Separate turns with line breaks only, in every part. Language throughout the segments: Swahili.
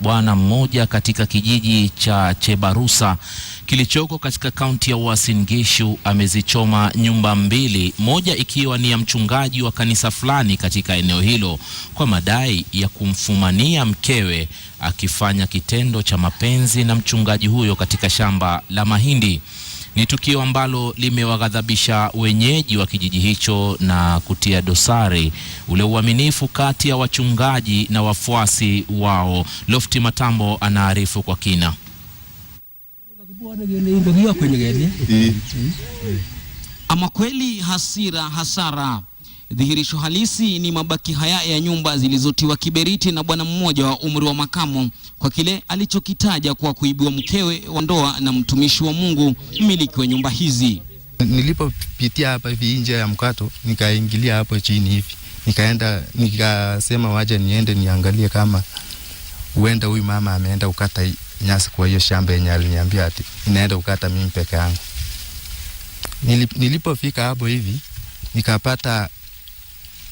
bwana mmoja katika kijiji cha Chebarusa kilichoko katika kaunti ya Uasin Gishu amezichoma nyumba mbili, moja ikiwa ni ya mchungaji wa kanisa fulani katika eneo hilo kwa madai ya kumfumania mkewe akifanya kitendo cha mapenzi na mchungaji huyo katika shamba la mahindi. Ni tukio ambalo limewaghadhabisha wenyeji wa kijiji hicho na kutia dosari ule uaminifu kati ya wachungaji na wafuasi wao. Lofti Matambo anaarifu kwa kina. Ama kweli hasira hasara Dhihirisho halisi ni mabaki haya ya nyumba zilizotiwa kiberiti na bwana mmoja wa umri wa makamo kwa kile alichokitaja kwa kuibiwa mkewe wa ndoa na mtumishi wa Mungu, mmiliki wa nyumba hizi.
Nilipopitia hapa hivi nje ya mkato, nikaingilia hapo chini hivi, nikaenda nikasema, waje niende niangalie kama huenda huyu mama ameenda ukata nyasi kwa hiyo shamba yenye aliniambia ati inaenda ukata mimi peke yangu. Nilipofika hapo hivi nikapata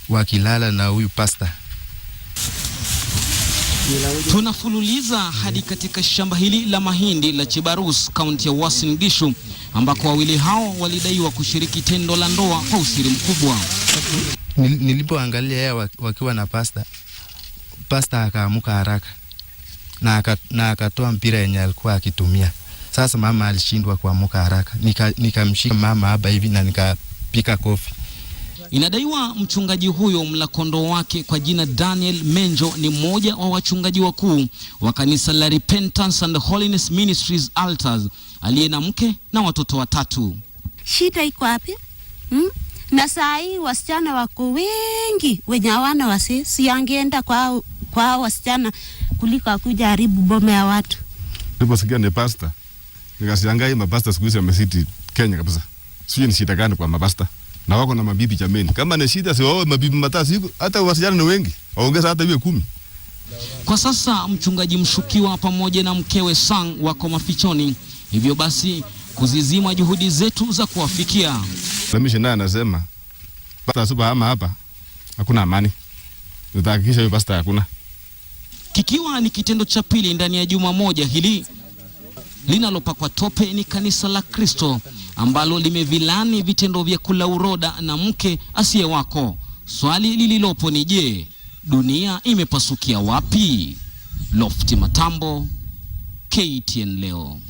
wakilala na huyu pasta.
Tunafululiza hadi katika shamba hili la mahindi la Chibarus, kaunti ya Uasin Gishu, ambako wawili hao walidaiwa kushiriki tendo la ndoa kwa usiri mkubwa.
Nilipoangalia yeye wakiwa na pasta, pasta akaamuka haraka na akatoa mpira yenye alikuwa akitumia. Sasa mama alishindwa kuamuka haraka, nikamshika nika mama hapa hivi na nikapika kofi
Inadaiwa mchungaji huyo mla kondoo wake kwa jina Daniel Menjo ni mmoja wa wachungaji wakuu wa kanisa la Repentance and Holiness Ministries Altars, aliye na mke na watoto watatu.
Shida iko wapi? Hmm? Na saa hii wasichana wako wengi wenye hawana wasi, si angeenda kwa kwa wasichana kuliko akuja haribu bome ya watu.
Niliposikia ni pasta nikasiangai, mapasta siku hizi amesiti Kenya kabisa. Sijui ni shida gani kwa mapasta na wako na mabibi jameni, kama ni shida si wao mabibi huko, hata wasijana ni wengi, waongeza hata iwe kumi.
Kwa sasa mchungaji mshukiwa pamoja na mkewe Sang wako mafichoni, hivyo basi kuzizima juhudi zetu za kuwafikia.
Mtumishi naye anasema basi hapa hapa hakuna amani, tutahakikisha hiyo basi hakuna.
Kikiwa ni kitendo cha pili ndani ya juma moja hili linalopakwa tope ni kanisa la Kristo ambalo limevilani vitendo vya kula uroda na mke asiye wako. Swali lililopo ni je, dunia imepasukia wapi? Lofti Matambo, KTN leo.